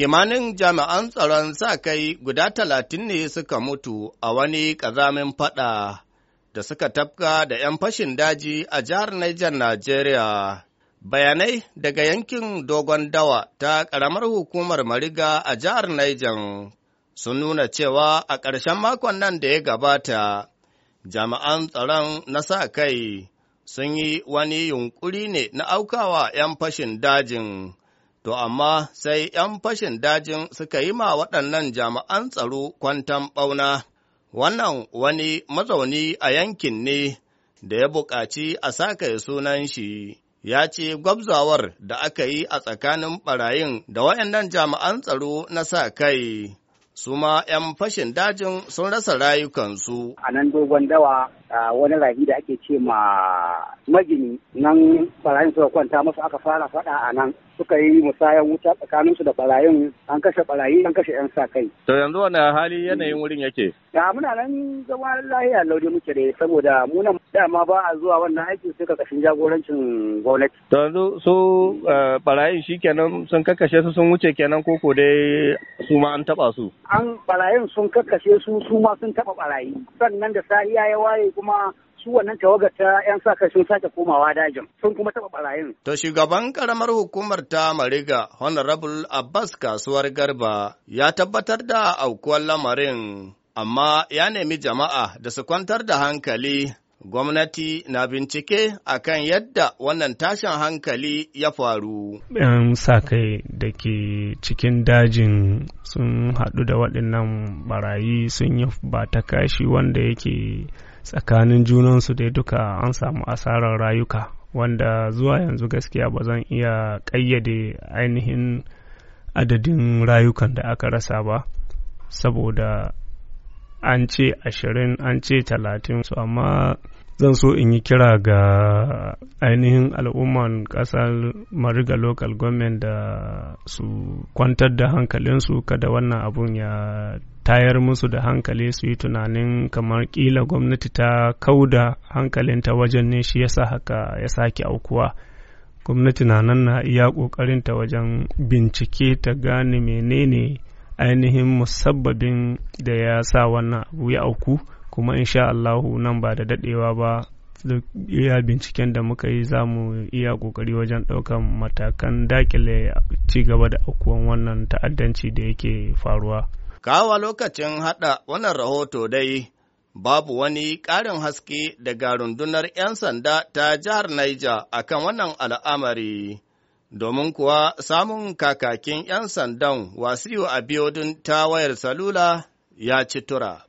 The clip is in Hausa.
Kimanin jami'an tsaron sa kai guda talatin ne suka mutu a wani ƙazamin faɗa da suka tafka da ‘yan fashin daji a jihar Niger, Najeriya. Bayanai daga yankin Dogon Dawa ta ƙaramar hukumar Mariga a jihar Niger sun nuna cewa a ƙarshen makon nan da ya gabata, jami'an tsaron na sa kai sun yi wani yunƙuri ne na aukawa ‘yan fashin dajin. To, amma sai ’yan fashin dajin suka yi ma waɗannan jami'an tsaro kwantan ɓauna, wannan wani mazauni a yankin ne da ya buƙaci a saka sunan shi, ya ce gwabzawar da aka yi a tsakanin ɓarayin da waɗannan jami'an tsaro na sa kai. suma 'yan fashin dajin sun rasa rayukansu. A nan dogon dawa wani rahi da ake ce ma magini nan barayin suka kwanta masu aka fara faɗa a nan suka yi musayar wuta tsakaninsu da barayin an kashe barayi an kashe yan sa kai. To yanzu wani hali yanayin wurin yake? ya muna nan zama lahiya laudi muke da saboda munan dama ba a zuwa wannan aiki sai kashin jagorancin gwamnati. To yanzu su eh, barayin shi kenan sun kakkashe su sun wuce kenan ko dai su ma an taɓa su. An barayin sun kakkashe su su ma sun taɓa barayi sannan da sahiya ya waye kuma su wannan tawagar ta 'yan sa kai sun sake komawa dajin sun kuma taɓa barayin. To shugaban karamar hukumar ta Mariga Honorable Abbas Kasuwar Garba ya tabbatar da aukuwar lamarin amma ya nemi jama'a da su kwantar da hankali Gwamnati na bincike a kan yadda wannan tashin hankali ya faru. ‘Yan sa-kai da ke cikin dajin sun haɗu da waɗannan barayi sun yi ba ta kashi wanda yake tsakanin junansu da duka an samu asarar rayuka. wanda zuwa yanzu gaskiya ba zan iya ƙayyade ainihin adadin rayukan da aka rasa ba saboda an ce ashirin an ce talatin su amma zan so in yi kira ga ainihin al'umman kasar mariga local government da su kwantar da hankalinsu kada wannan abun ya tayar musu da hankali su yi tunanin kamar kila gwamnati ta kauda hankalinta wajen ne shi yasa haka ya sake aukuwa gwamnati na nan na iya ƙoƙarinta wajen bincike ta gane menene ainihin musabbabin da ya sa wannan abu ya auku. kuma insha Allahu nan ba da dadewa ba iya binciken da muka yi za mu iya kokari wajen ɗaukar matakan dakile ci gaba da aukuwan wannan ta'addanci da yake faruwa. Kawa lokacin haɗa wannan rahoto dai babu wani ƙarin haske daga rundunar 'yan sanda ta jihar Niger akan wannan al'amari. Domin kuwa samun kakakin 'yan sandan Wasiu a ta wayar salula ya ci tura.